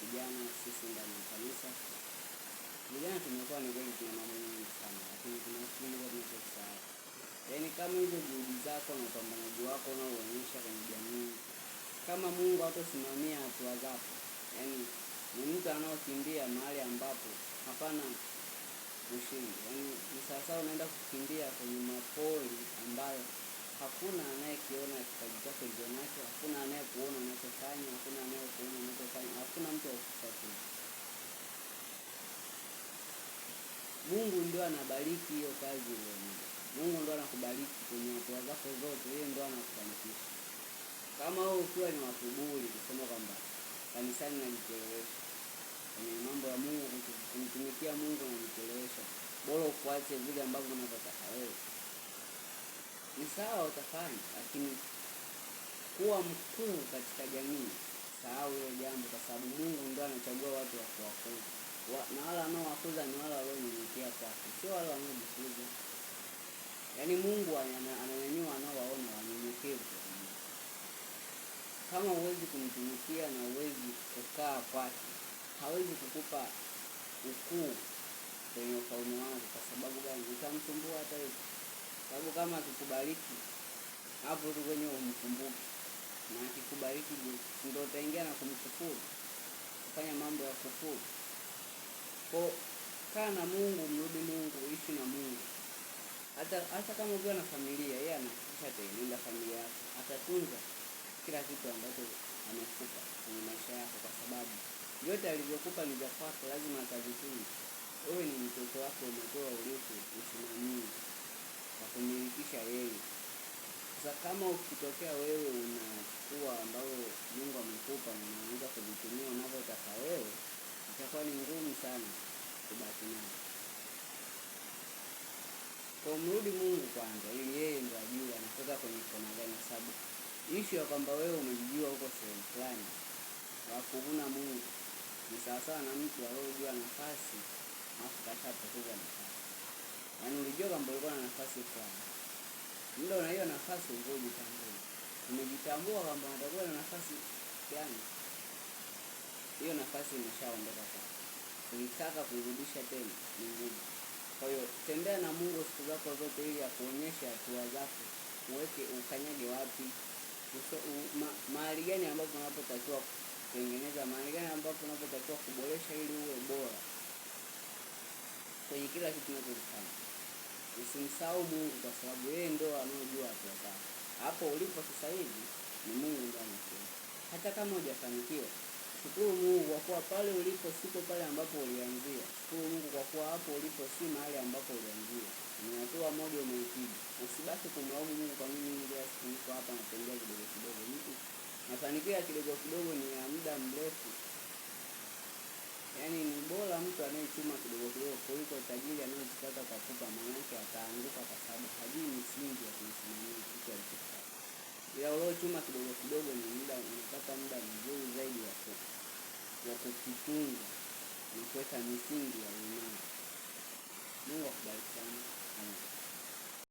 vijana sisi ndani ya kanisa, vijana tumekuwa ni kweli, tuna mambo mengi sana, lakini kuna kitu kimoja yaani kama hizo juhudi zako na upambanaji wako unaoonyesha kwenye jamii, kama Mungu hatosimamia hatua zako, yaani ni mtu anaokimbia mahali ambapo hapana ushindi, yaani ni sawasawa unaenda kukimbia kwenye mapori ambayo hakuna anayekiona kipaji chako ulionacho, hakuna anayekuona unachofanya, hakuna anayekuona unachofanya, hakuna mtu akufuata. Mungu ndio anabariki hiyo kazi ulionayo. Mungu ndio anakubariki kwenye hatua zako zote, yeye ndio anakufanikisha. Kama wewe ukiwa ni wakuburi kusema kwamba kanisani najichelewesha kwenye mambo ya Mungu, kumtumikia Mungu najichelewesha, bora ufuate vile ambavyo unavyotaka wewe. Ni sawa utafanya, lakini kuwa mkuu katika jamii, sahau hilo jambo, kwa sababu Mungu ndio anachagua watu wa kuwakuza wa, na wale wanaowakuza ni wale walionyenyekea kwake, sio wale wanaojikuza. Yaani Mungu ananyanyua anaowaona wanyenyekevu. Kama huwezi kumtumikia na huwezi kukaa kwake, hawezi kukupa ukuu kwenye ufalme wangu. Kwa sababu gani? Utamsumbua hata hivyo sababu kama akikubariki hapo tu kwenye umkumbuke, na akikubariki ndio utaingia na kumshukuru, kufanya mambo ya kufuru. Kwa kaa na Mungu, mrudi Mungu, ishi na Mungu. Hata hata kama ukiwa na familia, yeye anahakikisha atailinda familia yako, atatunza kila kitu ambacho amekupa kwenye maisha yako, kwa sababu yote alivyokupa ni vya kwako, lazima atavitunza. Wewe ni mtoto wake, umetoa urithi, usimamie na kumilikisha yeye. Sasa kama ukitokea wewe unachukua ambayo Mungu amekupa na unaanza kuvitumia unavyotaka wewe, itakuwa ni ngumu sana kubaki nayo. Kwa mrudi Mungu kwanza, ili yeye ndo ajue anatoka kwenye kona gani, kwa sababu ishu ya kwamba wewe umejijua huko sehemu fulani wakuvuna Mungu ni sawasawa na mtu aliyojua nafasi afu kashapoteza nafasi. Yaani ulijua kwamba ulikuwa na nafasi fulani. Muda una hiyo nafasi ungojitambua. Umejitambua kwamba unatakuwa na nafasi gani? Hiyo nafasi imeshaondoka sana. Kuitaka kuirudisha tena ni ngumu. Kwa hiyo tembea na Mungu siku zako zote ili akuonyesha hatua zako, uweke ukanyage wapi, mahali ma, gani ambapo unapotakiwa kutengeneza, mahali gani ambapo unapotakiwa kuboresha ili uwe bora kwenye kila kitu unachokifanya usimsahau Mungu kwa sababu yeye ndo anayejua hatua zako. Hapo ulipo sasa hivi ni Mungu ndo anakuona. Hata kama hujafanikiwa, shukuru Mungu kwa kuwa pale ulipo siko pale ambapo ulianzia. Shukuru Mungu kwa kuwa hapo ulipo si mahali ambapo ulianzia. Ni hatua moja umeipiga. Usibaki kumlaumu Mungu kwa nini ndio siku hapa natembea kidogo kidogo. Mafanikio ya kidogo kidogo ni ya muda mrefu. Yaani ni bora mtu atakupa, maanake ataanguka, kwa sababu hajui misingi ya kumsimamia kitu alichofanya. Ila uliochuma kidogo kidogo, ni muda unapata muda mzuri zaidi wa kukitunga na kuweka misingi ya imani. Mungu akubariki sana.